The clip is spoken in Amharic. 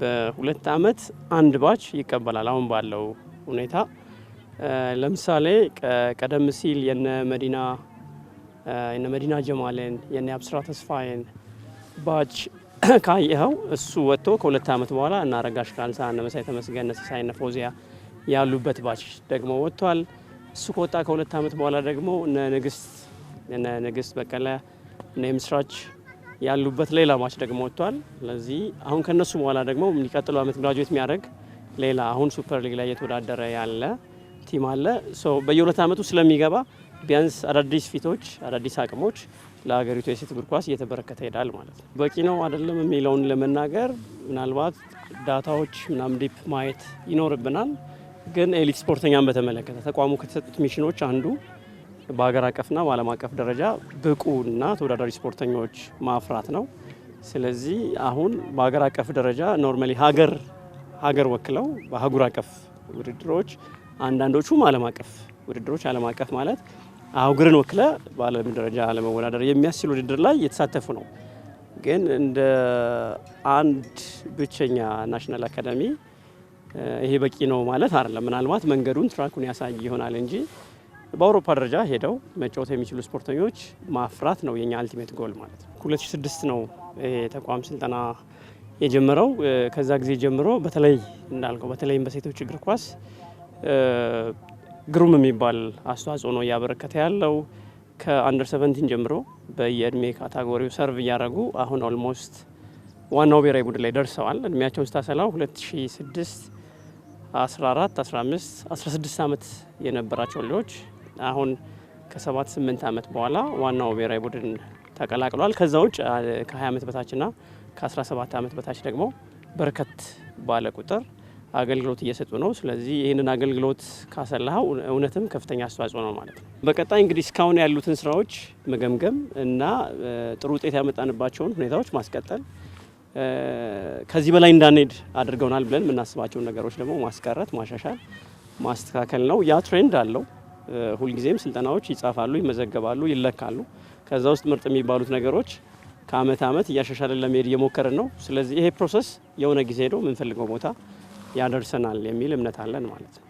በሁለት አመት አንድ ባች ይቀበላል። አሁን ባለው ሁኔታ ለምሳሌ ቀደም ሲል የነ መዲና የነ መዲና ጀማልን የነ አብስራ ተስፋዬን ባች ካየኸው እሱ ወጥቶ ከሁለት ዓመት በኋላ እና አረጋሽ ካልሳ እነ መሳይ ተመስገን ነሲሳይ እነ ፎዚያ ያሉበት ባች ደግሞ ወጥቷል። እሱ ከወጣ ከሁለት ዓመት በኋላ ደግሞ እነ ንግስት እነ ንግስት በቀለ እነ የምስራች ያሉበት ሌላ ማች ደግሞ ወጥቷል። ስለዚህ አሁን ከነሱ በኋላ ደግሞ የሚቀጥለው አመት ግራጁዌት የሚያደርግ ሌላ አሁን ሱፐር ሊግ ላይ እየተወዳደረ ያለ ቲም አለ። በየሁለት ዓመቱ ስለሚገባ ቢያንስ አዳዲስ ፊቶች፣ አዳዲስ አቅሞች ለሀገሪቱ የሴት እግር ኳስ እየተበረከተ ይሄዳል ማለት ነው። በቂ ነው አይደለም የሚለውን ለመናገር ምናልባት ዳታዎች ምናምን ዲፕ ማየት ይኖርብናል። ግን ኤሊት ስፖርተኛን በተመለከተ ተቋሙ ከተሰጡት ሚሽኖች አንዱ በሀገር አቀፍና በዓለም አቀፍ ደረጃ ብቁና ተወዳዳሪ ስፖርተኞች ማፍራት ነው። ስለዚህ አሁን በሀገር አቀፍ ደረጃ ኖርማሊ ሀገር ሀገር ወክለው በአህጉር አቀፍ ውድድሮች አንዳንዶቹም ዓለም አቀፍ ውድድሮች ዓለም አቀፍ ማለት አህጉርን ወክለ በዓለም ደረጃ ለመወዳደር የሚያስችል ውድድር ላይ የተሳተፉ ነው። ግን እንደ አንድ ብቸኛ ናሽናል አካዳሚ ይሄ በቂ ነው ማለት አይደለም። ምናልባት መንገዱን ትራኩን ያሳይ ይሆናል እንጂ በአውሮፓ ደረጃ ሄደው መጫወት የሚችሉ ስፖርተኞች ማፍራት ነው የኛ አልቲሜት ጎል ማለት ነው። 2006 ነው የተቋም ስልጠና የጀመረው። ከዛ ጊዜ ጀምሮ በተለይ እንዳልከው በተለይም በሴቶች እግር ኳስ ግሩም የሚባል አስተዋጽኦ ነው እያበረከተ ያለው። ከአንደር ሰቨንቲን ጀምሮ በየእድሜ ካታጎሪው ሰርቭ እያደረጉ አሁን ኦልሞስት ዋናው ብሔራዊ ቡድን ላይ ደርሰዋል። እድሜያቸውን ስታሰላው 2006 14 15 16 ዓመት የነበራቸው ልጆች አሁን ከሰባት ስምንት ዓመት በኋላ ዋናው ብሔራዊ ቡድን ተቀላቅሏል። ከዛ ውጭ ከ20 ዓመት በታችና ከ17 ዓመት በታች ደግሞ በርከት ባለ ቁጥር አገልግሎት እየሰጡ ነው። ስለዚህ ይህንን አገልግሎት ካሰላኸው እውነትም ከፍተኛ አስተዋጽኦ ነው ማለት ነው። በቀጣይ እንግዲህ እስካሁን ያሉትን ስራዎች መገምገም እና ጥሩ ውጤት ያመጣንባቸውን ሁኔታዎች ማስቀጠል፣ ከዚህ በላይ እንዳንሄድ አድርገውናል ብለን የምናስባቸውን ነገሮች ደግሞ ማስቀረት፣ ማሻሻል፣ ማስተካከል ነው። ያ ትሬንድ አለው። ሁልጊዜም ስልጠናዎች ይጻፋሉ፣ ይመዘገባሉ፣ ይለካሉ። ከዛ ውስጥ ምርጥ የሚባሉት ነገሮች ከአመት አመት እያሻሻለን ለመሄድ እየሞከርን ነው። ስለዚህ ይሄ ፕሮሰስ የሆነ ጊዜ ሄዶ የምንፈልገው ቦታ ያደርሰናል የሚል እምነት አለን ማለት ነው።